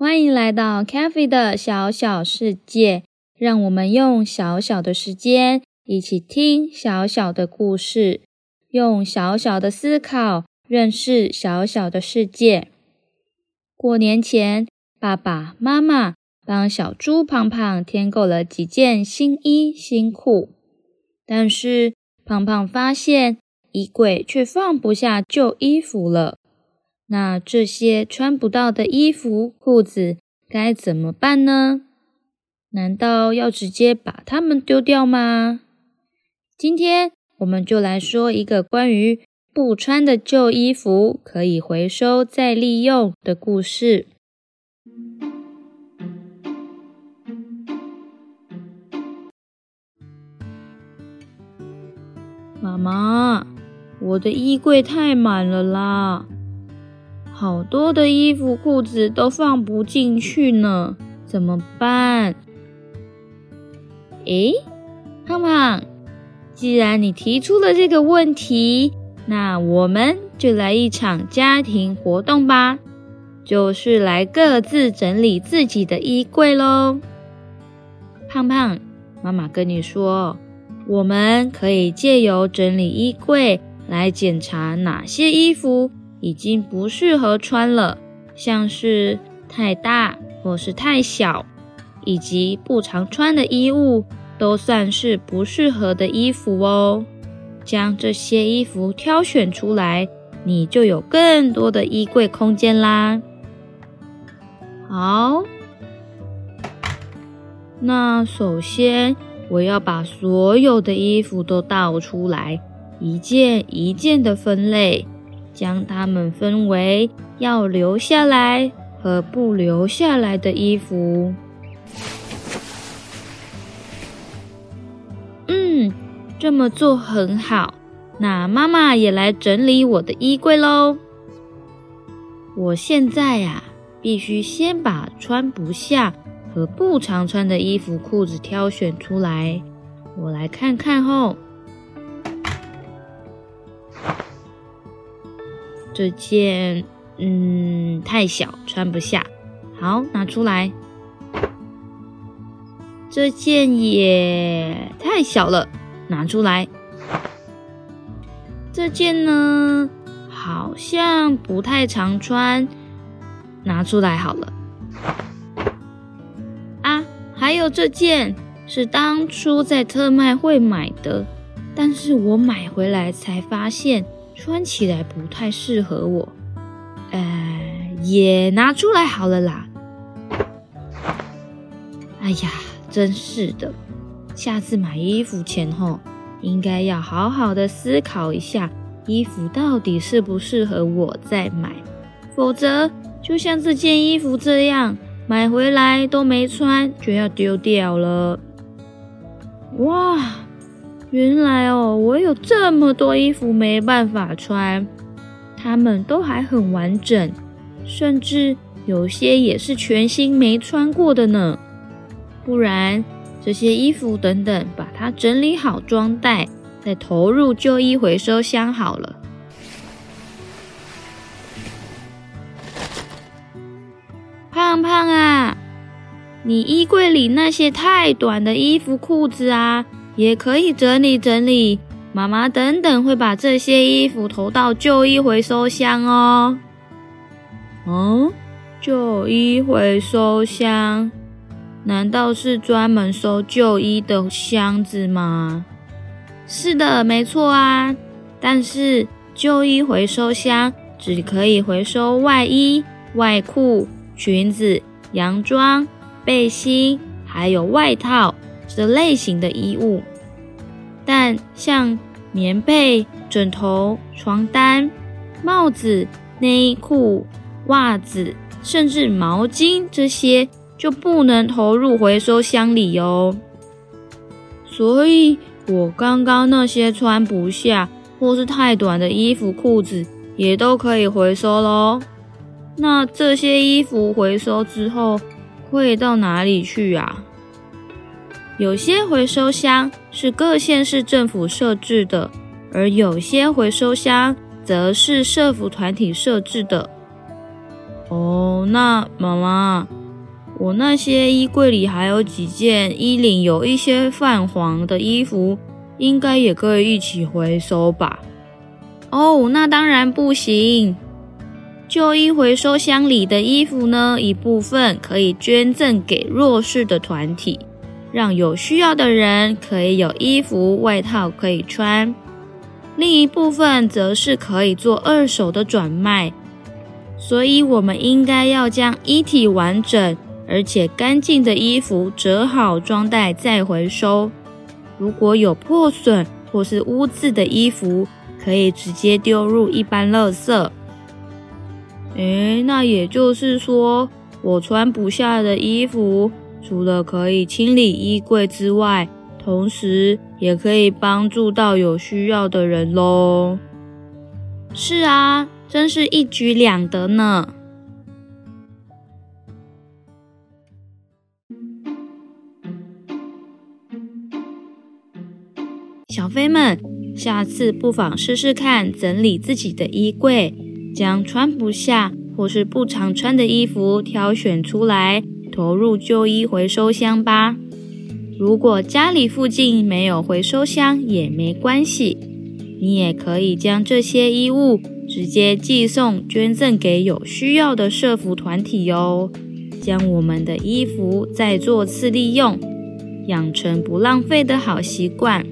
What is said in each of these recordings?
歡迎來到 cafi 的小小世界，讓我們用小小的時間一起聽小小的故事，用小小的思考認識小小的世界。過年前，爸爸媽媽幫小豬胖胖添購了幾件新衣新褲，但是胖胖發現衣櫃卻放不下舊衣服了。那這些穿不到的衣服、褲子該怎麼辦呢？難道要直接把它們丟掉嗎？今天我們就來說一個關於不穿的舊衣服可以回收再利用的故事。媽媽，我的衣櫃太滿了啦！好多的衣服褲子都放不進去呢，怎麼辦？誒，胖胖，既然你提出了這個問題，那我們就來一場家庭活動吧，就是來各自整理自己的衣櫃嘍。胖胖，媽媽跟你說，我們可以借由整理衣櫃來檢查哪些衣服，已經不適合穿了，像是太大或是太小，以及不常穿的衣物，都算是不適合的衣服哦。將這些衣服挑選出來，你就有更多的衣櫃空間啦。好，那首先我要把所有的衣服都倒出來，一件一件的分類。將它們分為要留下來和不留下來的衣服。嗯，這麼做很好。那媽媽也來整理我的衣櫃嘍。我現在呀、啊，必須先把穿不下和不常穿的衣服、褲子挑選出來。我來看看後。這件，嗯，太小，穿不下。好，拿出來。這件也太小了，拿出來。這件呢，好像不太常穿，拿出來好了。啊，還有這件是當初在特賣會買的，但是我買回來才發現。穿起來不太適合我，哎、呃，也拿出來好了啦。哎呀，真是的，下次買衣服前後應該要好好的思考一下，衣服到底適不適合我再買，否則就像這件衣服這樣，買回來都沒穿就要丟掉了。哇！原來哦，我有這麼多衣服沒辦法穿，它們都還很完整，甚至有些也是全新沒穿過的呢。不然，這些衣服等等，把它整理好裝袋，再投入舊衣回收箱好了。胖胖啊，你衣櫃裡那些太短的衣服、褲子啊。也可以整理整理，媽媽等等會把這些衣服投到舊衣回收箱哦。哦、嗯，舊衣回收箱，難道是專門收舊衣的箱子嗎？是的，沒錯啊。但是舊衣回收箱只可以回收外衣、外褲、裙子、洋裝、背心，還有外套。的類型的衣物，但像棉被、枕頭、床單、帽子、內褲、襪子，甚至毛巾這些就不能投入回收箱裡喲。所以，我剛剛那些穿不下或是太短的衣服、褲子也都可以回收嘍。那這些衣服回收之後會到哪裡去啊？有些回收箱是各縣市政府設置的，而有些回收箱則是社福團體設置的。哦，那媽媽，我那些衣櫃裡還有幾件衣領有一些泛黃的衣服，應該也可以一起回收吧？哦，那當然不行。舊衣回收箱裡的衣服呢，一部分可以捐贈給弱勢的團體。讓有需要的人可以有衣服外套可以穿，另一部分則是可以做二手的轉賣。所以，我們應該要將衣體完整而且乾淨的衣服折好裝袋再回收。如果有破損或是污漬的衣服，可以直接丟入一般垃圾。誒，那也就是說，我穿不下的衣服。除了可以清理衣櫃之外，同時也可以幫助到有需要的人嘍。是啊，真是一舉兩得呢。小菲們，下次不妨試試看整理自己的衣櫃，將穿不下或是不常穿的衣服挑選出來。投入舊衣回收箱吧。如果家裡附近沒有回收箱也沒關係，你也可以將這些衣物直接寄送捐贈給有需要的社福團體喲、哦。將我們的衣服再做次利用，養成不浪費的好習慣。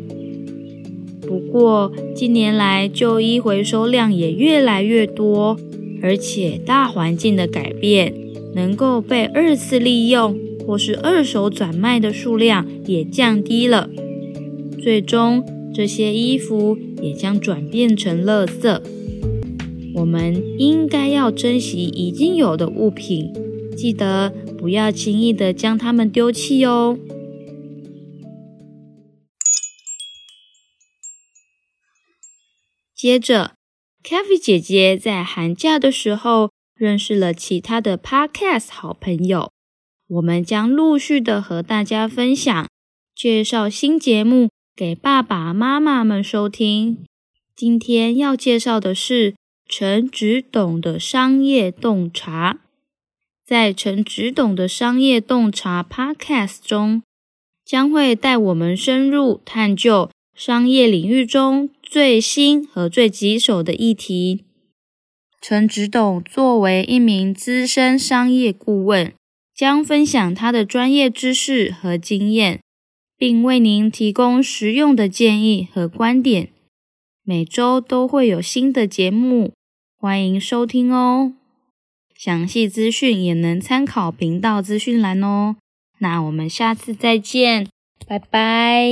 不過近年來舊衣回收量也越來越多，而且大環境的改變。能夠被二次利用或是二手轉賣的數量也降低了，最終這些衣服也將轉變成垃圾。我們應該要珍惜已經有的物品，記得不要輕易的將它們丟棄哦。接着，cafi 姐姐在寒假的時候。認識了其他的 Podcast 好朋友，我們將陸續的和大家分享，介紹新節目給爸爸媽媽們收聽。今天要介紹的是陳執董的商業洞察，在陳執董的商業洞察 Podcast 中，將會帶我們深入探究商業領域中最新和最棘手的議題。陳執董作為一名資深商業顧問，將分享他的專業知識和經驗，並為您提供實用的建議和觀點。每周都會有新的節目，歡迎收聽哦！詳細資訊也能參考頻道資訊欄哦。那我們下次再見，拜拜。